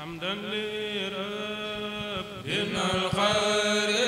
حمدا لربنا الخير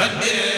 sabbir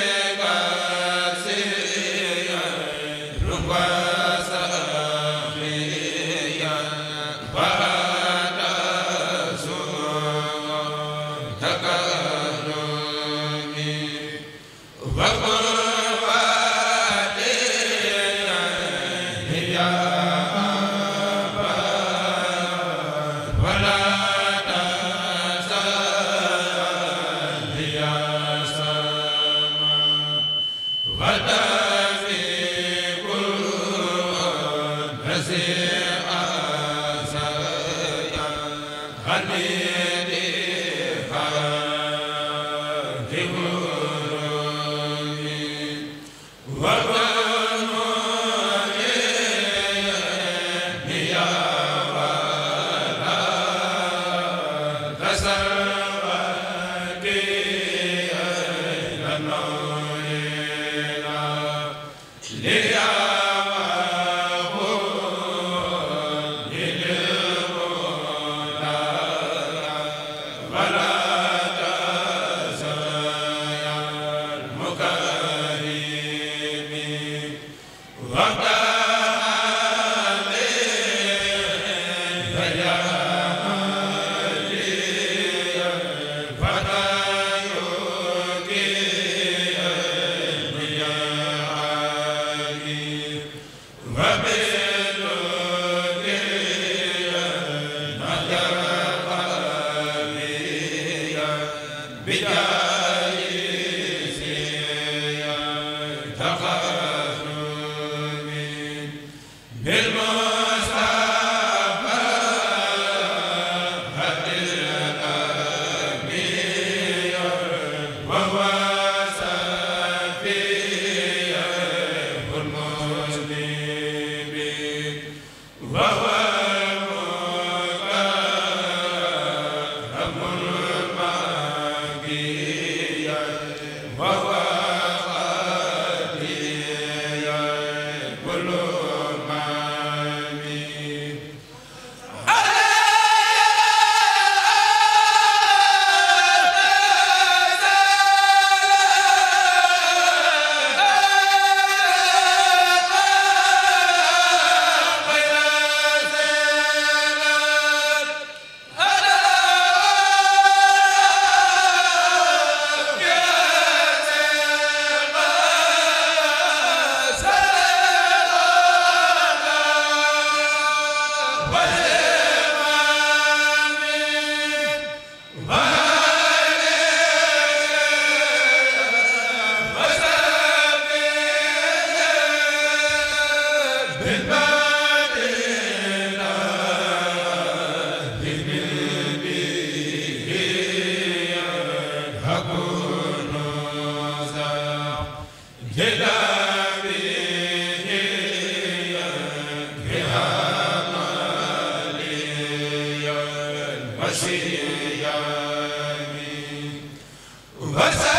wa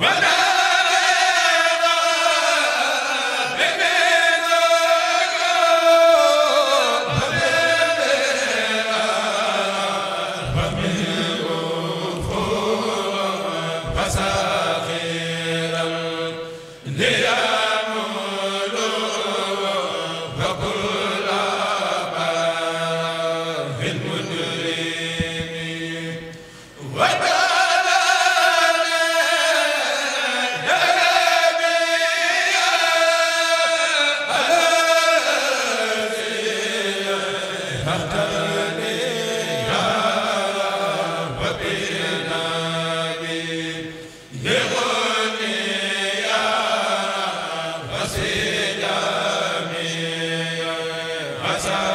wa sa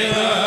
Yeah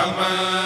aman